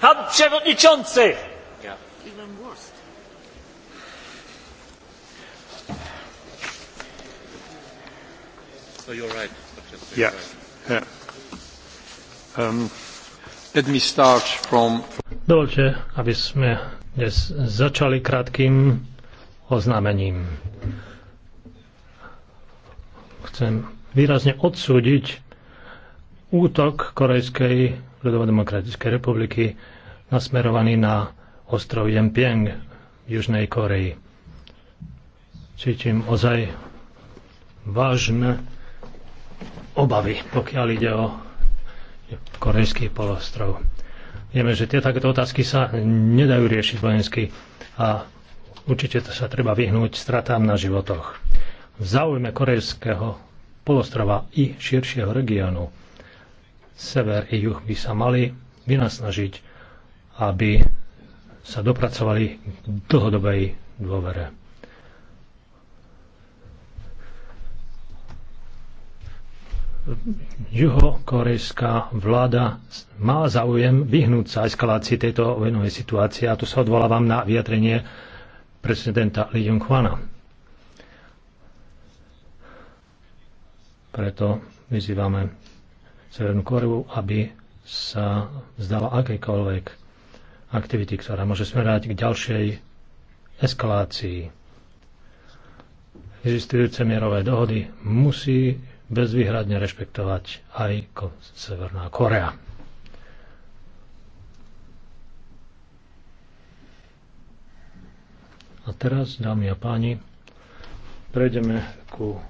Pan przewodniczący! Yeah. Even you're right. Yeah. yeah. Um, let me start from... Dovolte, aby sme dnes začali krátkým oznámením. Chcem výrazne odsúdiť útok Korejskej ľudovodemokratickej republiky nasmerovaný na ostrov Yenpieng v Južnej Koreji. Cítim ozaj vážne obavy, pokiaľ ide o korejský polostrov. Vieme, že tie takéto otázky sa nedajú riešiť vojensky a určite to sa treba vyhnúť stratám na životoch. V záujme korejského polostrova i širšieho regiónu Sever i juh by sa mali vynasnažiť, aby sa dopracovali k dlhodobej dôvere. Juhokorejská vláda má záujem vyhnúť sa eskalácii tejto vojnovej situácie a tu sa odvolávam na vyjadrenie prezidenta Li Jung-hwana. Preto vyzývame Severnú Koreu, aby sa vzdala akejkoľvek aktivity, ktorá môže smerovať k ďalšej eskalácii. Existujúce mierové dohody musí bezvýhradne rešpektovať aj Severná Korea. A teraz, dámy a páni, prejdeme ku